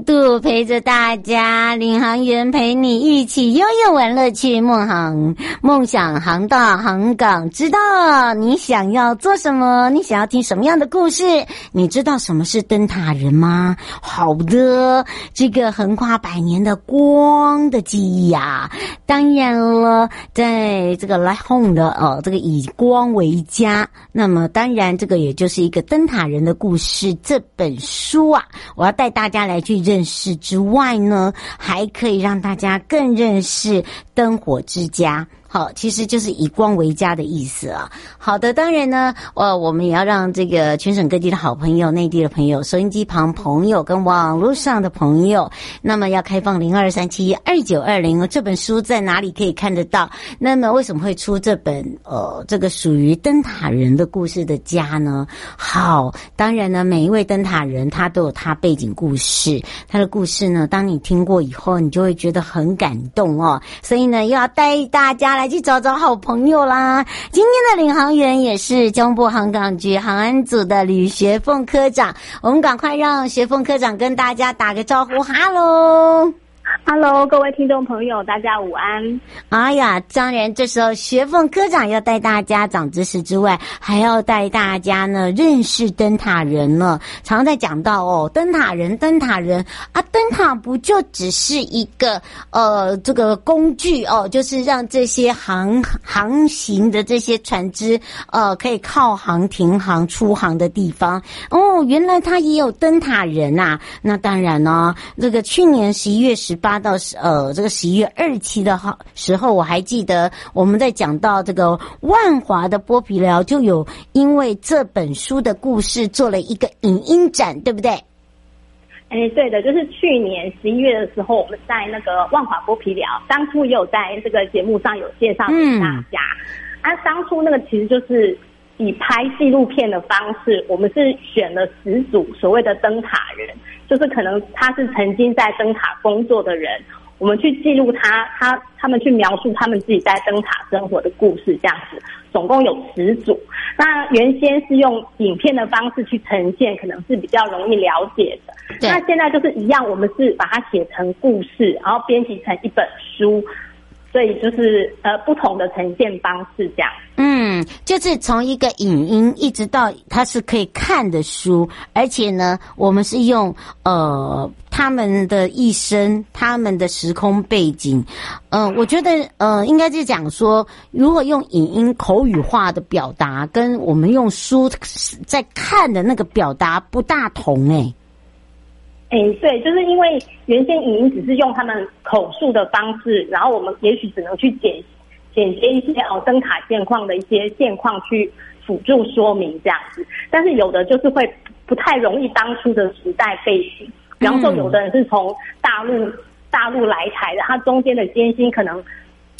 度陪着大家，領航員陪你一起悠悠玩樂去。夢航夢想航道航港，知道你想要做什麼，你想要聽什麼樣的故事？你知道什麼是燈塔人嗎？好的，這個橫跨百年的光的記憶啊，當然了，在這個 Light Home 的哦，這個以光為家，那麼當然，這個也就是一個燈塔人的故事。這本書啊，我要帶大家來去。認識之外呢，還可以讓大家更認識燈火之家。好，其實就是以光為家的意思啊。好的，當然呢，呃、哦，我們也要讓這個全省各地的好朋友、內地的朋友、收音機旁朋友跟網絡上的朋友，那麼要開放零二三七二九二零哦。這本書在哪裡可以看得到？那麼為什麼會出這本呃，這個屬於燈塔人的故事的家呢？好，當然呢，每一位燈塔人他都有他背景故事，他的故事呢，當你聽過以後，你就會覺得很感動哦。所以呢，又要帶大家來。來去找找好朋友啦！今天的領航員也是交通部航港局航安組的呂學鳳科長，我們趕快讓學鳳科長跟大家打個招呼，哈嘍！Hello，各位聽眾朋友，大家午安。哎、啊、呀，當然，這時候學鳳科長要帶大家長知識之外，還要帶大家呢認識燈塔人呢。常常在講到哦，燈塔人，燈塔人啊，燈塔不就只是一個呃這個工具哦，就是讓這些航航行的這些船隻呃可以靠航、停航、出航的地方哦。原來他也有燈塔人吶、啊。那當然呢、哦，這個去年十一月十。十八到十呃，這個十一月二期的號時候，我還記得我們在講到這個萬華的剝皮寮就有因為這本書的故事做了一個影音展，對不對？哎、欸，對的，就是去年十一月的時候，我們在那個萬華剝皮寮當初也有在這個節目上有介紹給大家、嗯。啊，當初那個其實就是以拍紀錄片的方式，我們是選了十組所謂的燈塔人。就是可能他是曾經在燈塔工作的人，我們去記錄他，他他們去描述他們自己在燈塔生活的故事，這樣子，總共有十組。那原先是用影片的方式去呈現，可能是比較容易了解的。那現在就是一樣，我們是把它寫成故事，然後編輯成一本書，所以就是呃不同的呈現方式這樣。嗯，就是從一個影音一直到它是可以看的書，而且呢，我們是用呃他們的一生、他們的時空背景，嗯、呃，我覺得呃應該就講說，如果用影音口語化的表達，跟我們用書在看的那個表達不大同誒、欸。誒、欸，對，就是因為原先影音只是用他們口述的方式，然後我們也許只能去解析。簡潔一些哦，燈塔現況的一些現況去輔助說明這樣子，但是有的就是會不太容易當初的時代背景，比方說有的人是從大陸大陸來台的，他中間的艱辛可能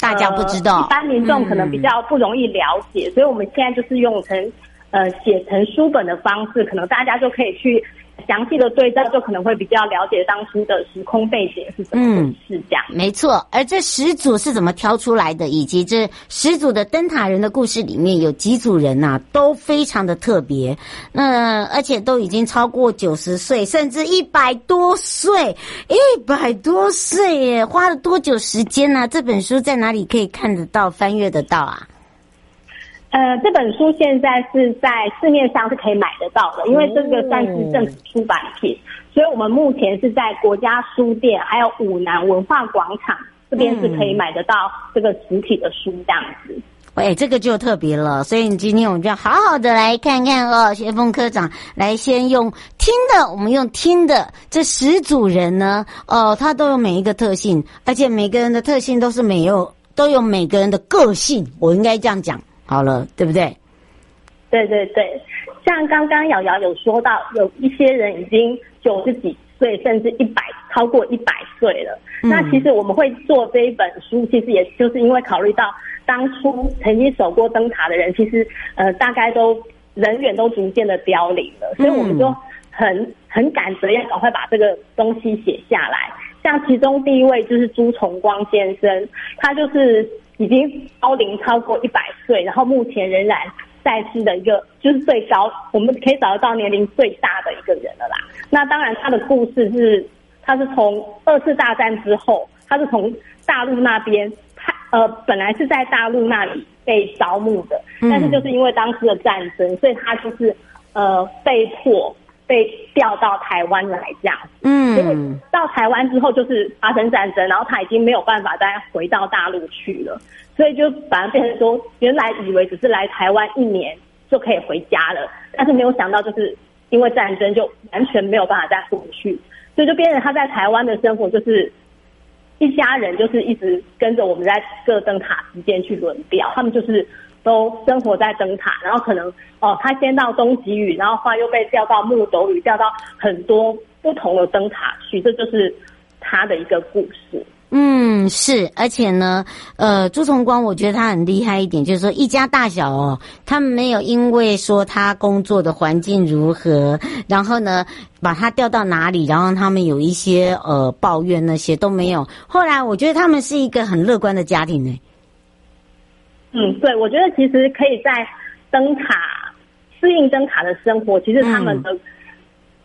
大家不知道，呃，一般民眾可能比較不容易了解，嗯，所以我們現在就是用成呃寫成書本的方式，可能大家就可以去詳細的對照，就可能會比較了解當時的時空背景是怎麼回事，嗯。沒錯，而這十組是怎麼挑出來的，以及這十組的燈塔人的故事裡面，有幾組人吶，啊，都非常的特別。那，呃、而且都已經超過九十歲，甚至一百多歲，一百多歲，耶，花了多久時間呢，啊？這本書在哪裡可以看得到，翻閱得到啊？呃，這本書現在是在市面上是可以買得到的，因為這個算是政府出版品，嗯、所以我們目前是在國家書店還有五南文化廣場這邊是可以買得到這個實體的書，這樣子。喂、嗯，這個就特別了，所以你今天我們就要好好的來看看哦，學鳳科長來先用聽的，我們用聽的這十組人呢，哦，他都有每一個特性，而且每個人的特性都是沒有都有每個人的個性，我應該這樣講。好了，對不對？對對對，像剛剛瑤瑤有說到，有一些人已經九十幾歲，甚至一百，超過一百歲了。嗯、那其實我們會做這一本書，其實也就是因為考慮到當初曾經守過燈塔的人，其實呃大概都人員都逐漸的凋零了，所以我們就很很趕着要趕快把這個東西寫下來。像其中第一位就是朱崇光先生，他就是。已經高齡超過一百歲，然後目前仍然在世的一個就是最高，我們可以找得到年齡最大的一個人了啦。那當然，他的故事是，他是從二次大戰之後，他是從大陸那邊派，呃，本來是在大陸那裡被招募的，但是就是因為當時的戰爭，所以他就是呃被迫。被調到台灣來這樣子，嗯，到台灣之後就是發生戰爭，然後他已經沒有辦法再回到大陸去了，所以就反而變成說，原來以為只是來台灣一年就可以回家了，但是沒有想到就是因為戰爭就完全沒有辦法再回去，所以就變成他在台灣的生活就是一家人就是一直跟着我們在各燈塔之間去輪調，他們就是。都生活在燈塔，然後可能哦，他先到東極嶼，然後後來又被調到木斗嶼，調到很多不同的燈塔去，這就是他的一個故事。嗯，是，而且呢，呃，朱從光我覺得他很厲害一點，就是說一家大小哦，他們沒有因為說他工作的環境如何，然後呢把他調到哪裡，然後他們有一些呃抱怨那些都沒有。後來我覺得他們是一個很樂觀的家庭哎。嗯，對，我覺得其實可以在燈塔適應燈塔的生活。其實他們的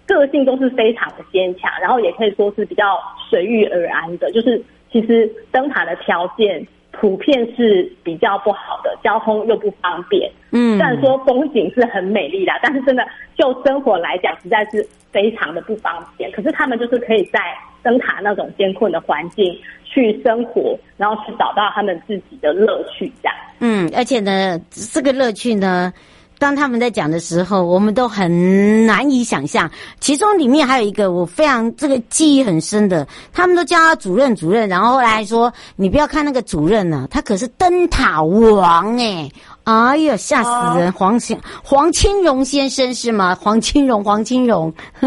個性都是非常的堅強，然後也可以說是比較隨遇而安的。就是其實燈塔的條件普遍是比較不好的，交通又不方便。嗯，雖然說風景是很美麗的，但是真的就生活來講，實在是非常的不方便。可是他們就是可以在燈塔那種艱困的環境去生活，然後去找到他們自己的樂趣這樣。嗯，而且呢，這個樂趣呢，當他們在講的時候，我們都很難以想象。其中裡面還有一個我非常這個記憶很深的，他們都叫他主任主任，然後後來說你不要看那個主任呢，啊，他可是燈塔王哎，欸，哎呀嚇死人！哦，黃先黃清榮先生是嗎？黃清榮黃清榮，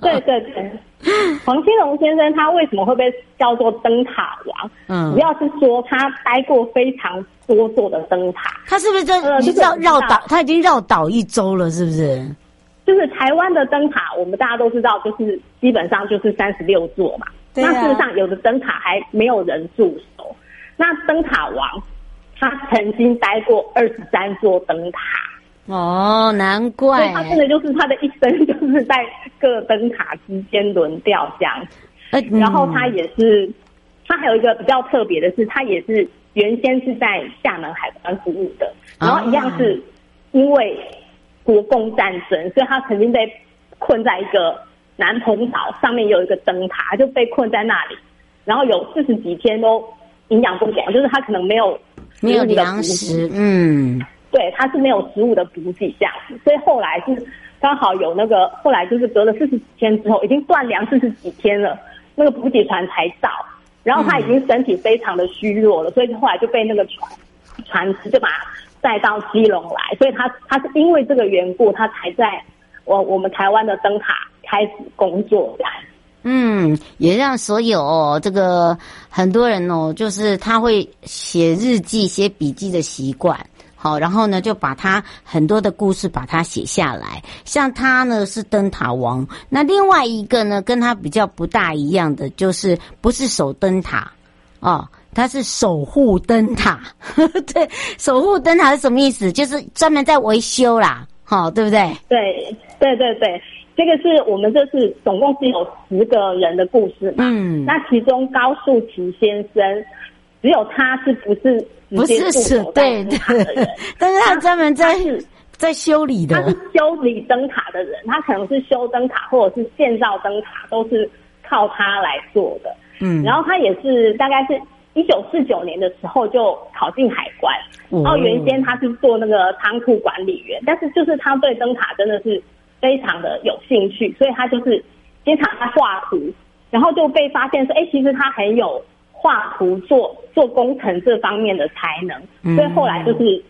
對對對。黃興龍先生他為什麼會被叫做燈塔王？嗯，主要是說他待過非常多座的燈塔。他是不是這叫、呃、繞島？他已經繞島一周了，是不是？就是台灣的燈塔，我們大家都知道，就是基本上就是三十六座嘛。對啊。那事實上，有的燈塔還沒有人駐守。那燈塔王他曾經待過二十三座燈塔。哦，難怪！他真的就是他的一生，就是在各燈塔之間輪調這樣。子、嗯、然後他也是，他還有一個比較特別的是，他也是原先是在廈門海關服務的，然後一樣是因為國共戰爭，哦、所以他曾經被困在一個南澎島上面有一個燈塔，就被困在那裡，然後有四十幾天都營養不良，就是他可能沒有那個服務沒有糧食，嗯。對，他是沒有食物的補給，這樣，所以後來是剛好有那個，後來就是隔了四十幾天之後，已經斷糧四十幾天了，那個補給船才到，然後他已經身體非常的虛弱了，所以後來就被那個船船隻就把他帶到基隆來，所以他他是因為這個緣故，他才在我我們台灣的燈塔開始工作，這樣。嗯，也讓所有、哦、這個很多人哦，就是他會寫日記、寫筆記的習慣。哦、然後呢，就把他很多的故事把它寫下來。像他呢是燈塔王，那另外一個呢跟他比較不大一樣的，就是不是守燈塔哦，他是守護燈塔呵呵。對，守護燈塔是什麼意思？就是專門在維修啦，好、哦，對不對？對，對對對，這個是我們這次總共是有十個人的故事嘛。嗯，那其中高素奇先生。只有他是不是不是是對的人，但是他專門在在修理的，哦，他是修理燈塔的人，他可能是修燈塔或者是建造燈塔，都是靠他來做的。嗯，然後他也是大概是一九四九年的時候就考進海關，嗯，然後原先他是做那個倉庫管理員，但是就是他對燈塔真的是非常的有興趣，所以他就是經常在畫圖，然後就被發現說，哎，其實他很有。畫圖做、做做工程這方面的才能，所以後來就是，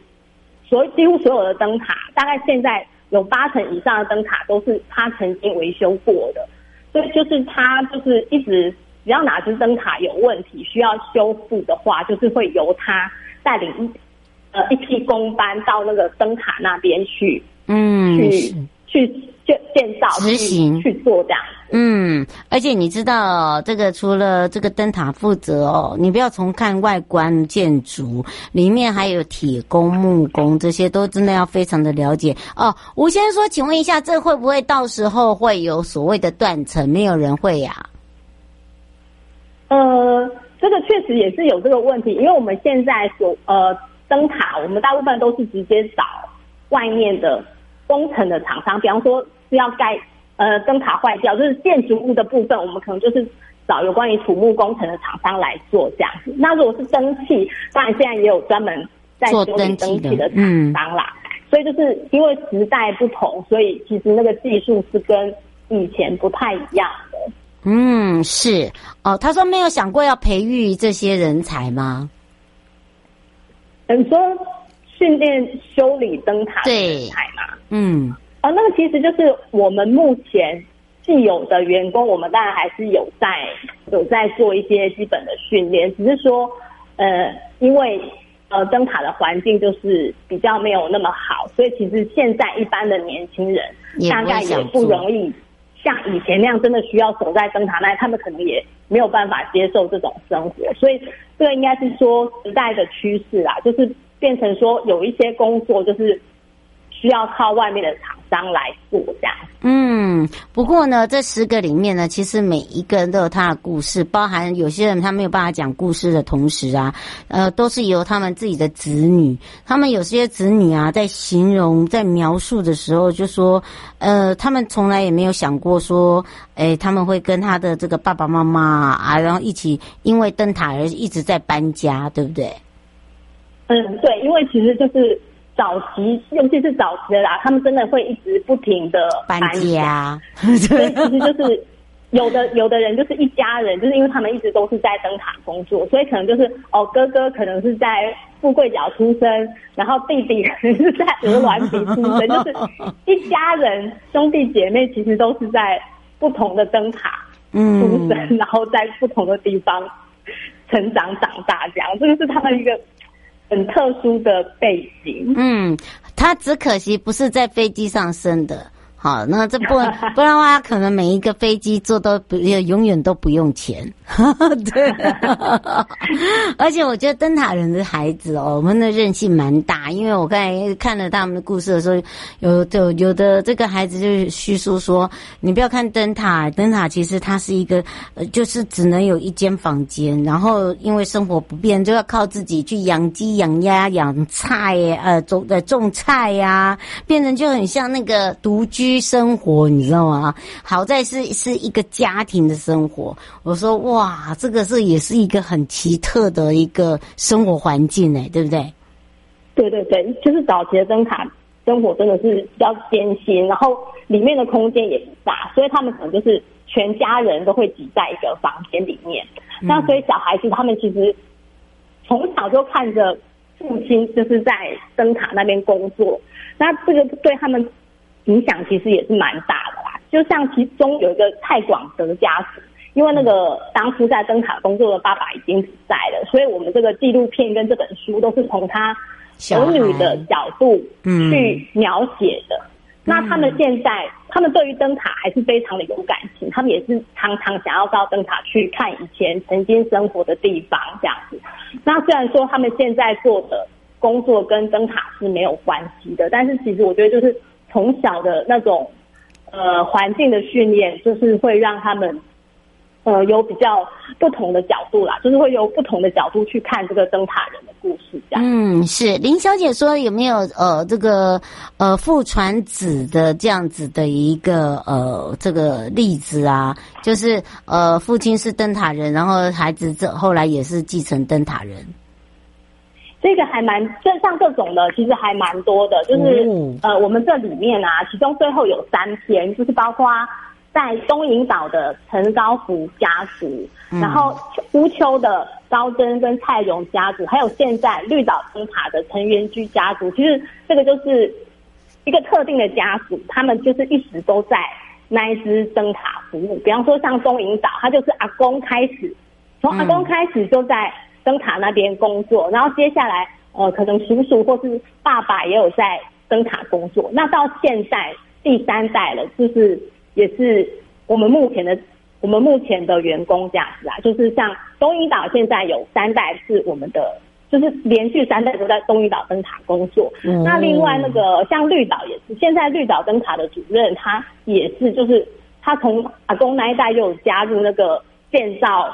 所幾乎所有的燈塔，大概現在有八成以上的燈塔都是他曾經維修過的。所以就是他就是一直，只要哪只燈塔有問題需要修復的話，就是會由他帶領一呃一批工班到那個燈塔那邊去，嗯，去去建建造、去去做這樣。嗯，而且你知道哦，這個除了這個燈塔負責哦，你不要從看外觀建築，裡面還有鐵工、木工這些，都真的要非常的了解哦。吳先生說，請問一下，這會不會到時候會有所謂的斷層？沒有人會呀？呃，這個確實也是有這個問題，因為我們現在所呃燈塔，我們大部分都是直接找外面的工程的廠商，比方說是要蓋。呃，燈塔壞掉就是建築物的部分，我們可能就是找有關於土木工程的廠商來做這樣子。那如果是燈器，當然現在也有專門做修理燈器的廠商啦，嗯。所以就是因為時代不同，所以其實那個技術是跟以前不太一樣的。嗯，是哦。他說沒有想過要培育這些人才嗎？很說訓練修理燈塔的人才嘛，嗯。那個其實就是我們目前既有的員工，我們當然還是有在有在做一些基本的訓練，只是說，呃，因為呃燈塔的環境就是比較沒有那麼好，所以其實現在一般的年輕人大概也不容易像以前那樣真的需要守在燈塔那，他們可能也沒有辦法接受這種生活，所以這個應該是說時代的趨勢啦、啊，就是變成說有一些工作就是。要靠外面的廠商來做這樣。嗯，不過呢，這十個裡面呢，其實每一個人都有他的故事，包含有些人他沒有辦法講故事的同時啊，呃，都是由他們自己的子女，他們有些子女啊，在形容，在描述的時候就說，呃，他們從來也沒有想過說，哎、欸，他們會跟他的這個爸爸媽媽啊，然後一起因為燈塔而一直在搬家，對不對？嗯，對，因為其實就是。早期尤其是早期的啦，他們真的會一直不停的搬家，啊、所以其實就是 有的有的人就是一家人，就是因為他們一直都是在燈塔工作，所以可能就是哦，哥哥可能是在富貴角出生，然後弟弟可能是在鵝鑾鼻出生， 就是一家人兄弟姐妹其實都是在不同的燈塔嗯出生，嗯、然後在不同的地方成長長大這樣，這、就、個是他們一個。很特殊的背景，嗯，他只可惜不是在飛機上生的。好，那這不，不然的話，可能每一個飛機坐都不，永遠都不用錢。哈哈，對， 而且我覺得燈塔人的孩子哦，我們的韌性蠻大，因為我剛才看了他們的故事的時候，有有有的這個孩子就是敘述說，你不要看燈塔，燈塔其實它是一個，呃，就是只能有一間房間，然後因為生活不便，就要靠自己去養雞、養鴨、養菜，呃，種呃種菜呀、啊，變成就很像那個獨居。生活，你知道嗎？好在是是一個家庭的生活。我說哇，這個是也是一個很奇特的一個生活環境呢、欸，對不對？對對對，就是早期的燈塔生活真的是比較艱辛，然後裡面的空間也不大，所以他們可能就是全家人都會擠在一個房間裡面。嗯、那所以小孩子他們其實從小就看着父親就是在燈塔那邊工作，那這個對他們。影響其實也是蠻大的啦，就像其中有一個蔡廣德家屬，因為那個當時在燈塔工作的爸爸已經不在了，所以我們這個紀錄片跟這本書都是從他兒女的角度去描寫的、嗯。那他們現在，他們對於燈塔還是非常的有感情，他們也是常常想要到燈塔去看以前曾經生活的地方這樣子。那雖然說他們現在做的工作跟燈塔是沒有關係的，但是其實我覺得就是。從小的那種，呃，環境的訓練，就是會讓他們，呃，有比較不同的角度啦，就是會有不同的角度去看這個燈塔人的故事，這樣。嗯，是林小姐說，有沒有呃這個呃父傳子的這樣子的一個呃這個例子啊？就是呃父親是燈塔人，然後孩子這後來也是繼承燈塔人。這個還蠻，就像這種的其實還蠻多的，就是、嗯、呃，我們這裡面啊，其中最後有三篇，就是包括在東引島的陳高福家族、嗯，然後烏坵的高真跟蔡榮家族，還有現在綠島燈塔的陳元居家族，其實這個就是一個特定的家族，他們就是一直都在那一支燈塔服務，比方說像東引島，他就是阿公開始，從阿公開始就在燈塔那邊工作，然後接下來呃，可能叔叔或是爸爸也有在燈塔工作。那到現在第三代了，就是也是我們目前的我們目前的員工這樣子啊。就是像東莒島現在有三代是我們的，就是連續三代都在東莒島燈塔工作。嗯，嗯。那另外那個像綠島也是，現在綠島燈塔的主任他也是，就是他從阿公那一代又有加入那個建造。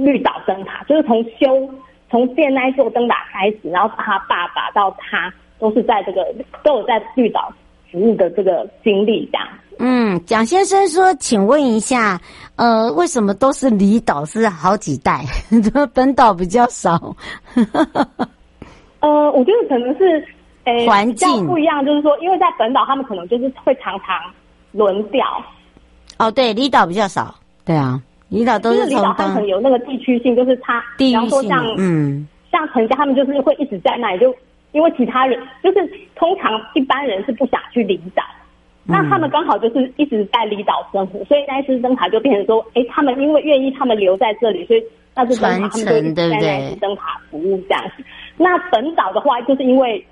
綠島燈塔就是從修、從建那座燈塔開始，然後他爸爸到他都是在這個都有在綠島服務的這個經歷這樣。嗯，蔣先生說，請問一下，呃，為什麼都是離島是好幾代，怎 麼本島比較少？ 呃，我覺得可能是呃環、欸、境不一樣，就是說，因為在本島他們可能就是會常常輪調。哦，對，離島比較少，對啊。離島都是就是離島很很有那個地區性，性，就是他，比方說像，嗯，像陳家他們就是會一直在那裡，裡，就因為其他人就是通常一般人是不想去離島，嗯，那他們剛好就是一直在離島生活，所以那一次燈塔就變成說，哎，他們因為願意他們留在這裡，所以那支燈塔他們就一直在那支燈塔服務這樣子。那本島的話，就是因為，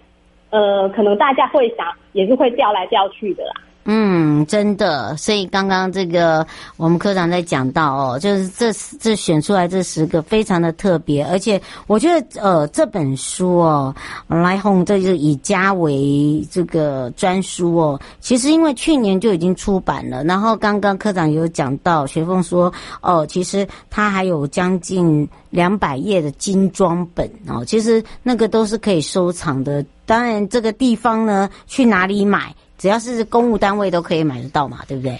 呃，可能大家會想也是會調來調去的啦。嗯，真的。所以剛剛這個我們科長在講到哦，就是這這選出來這十個非常的特別，而且我覺得呃這本書哦，《LIGHTHOME》這就是以家為這個專書哦。其實因為去年就已經出版了，然後剛剛科長有講到，學鳳說哦、呃，其實他還有將近兩百頁的精裝本哦，其實那個都是可以收藏的。當然這個地方呢，去哪裡買？只要是公務單位都可以買得到嘛，對不對？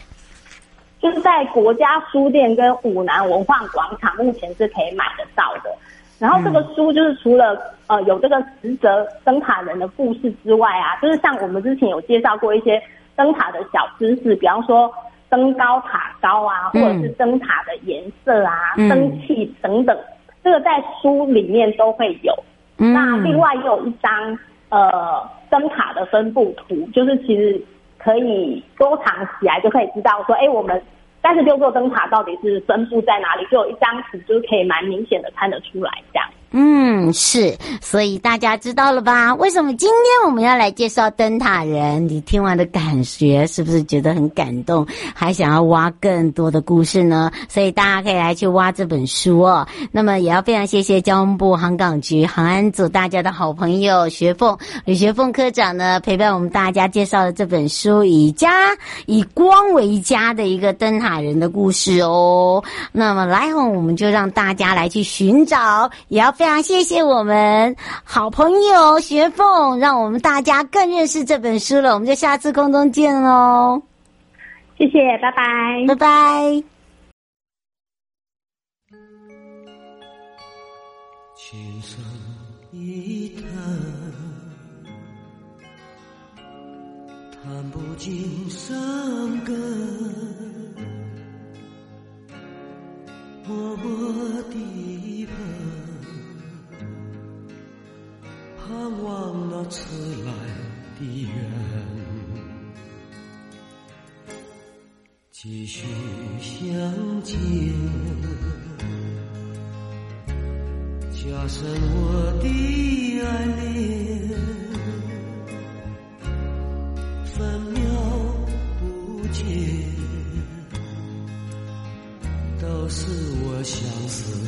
就是在國家書店跟五南文化廣場目前是可以買得到的。然後這個書就是除了呃有這個十則燈塔人的故事之外啊，就是像我們之前有介紹過一些燈塔的小知識，比方說燈高塔高啊，或者是燈塔的顏色啊、燈器等等，這個在書裡面都會有。那另外又有一張。呃，燈塔的分布圖，就是其實可以收藏起來，就可以知道說，哎、欸，我們三十六座燈塔到底是分布在哪裡，就有一張圖，就可以蠻明顯的看得出來這樣。嗯，是，所以大家知道了吧？為什麼今天我們要來介紹燈塔人？你聽完的感覺是不是覺得很感動？還想要挖更多的故事呢？所以大家可以來去挖這本書哦。那麼，也要非常謝謝交通部航港局航安組大家的好朋友學鳳呂學鳳科長呢，陪伴我們大家介紹了這本書以家以光為家的一個燈塔人的故事哦。那麼來，來後我們就讓大家來去尋找，也要。非常謝謝我們好朋友學鳳，讓我們大家更認識這本書了。我們就下次空中見嘍，謝謝，拜拜，拜拜。千聲波波一嘆，嘆不盡傷感，默默的盼。盼望那遲來的緣，繼續相見，加深我的愛戀。分秒不見，都是我相思。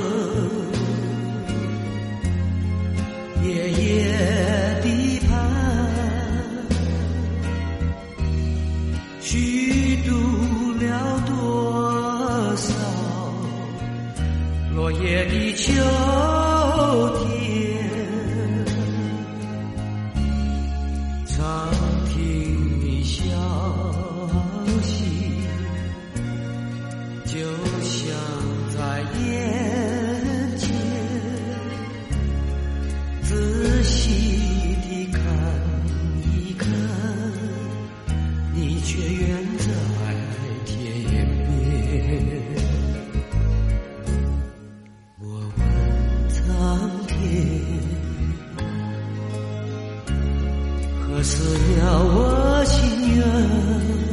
叫我情願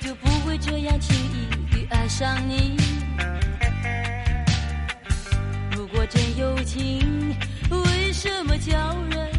就不會這樣輕易地愛上你。如果真有情，為什麼叫人？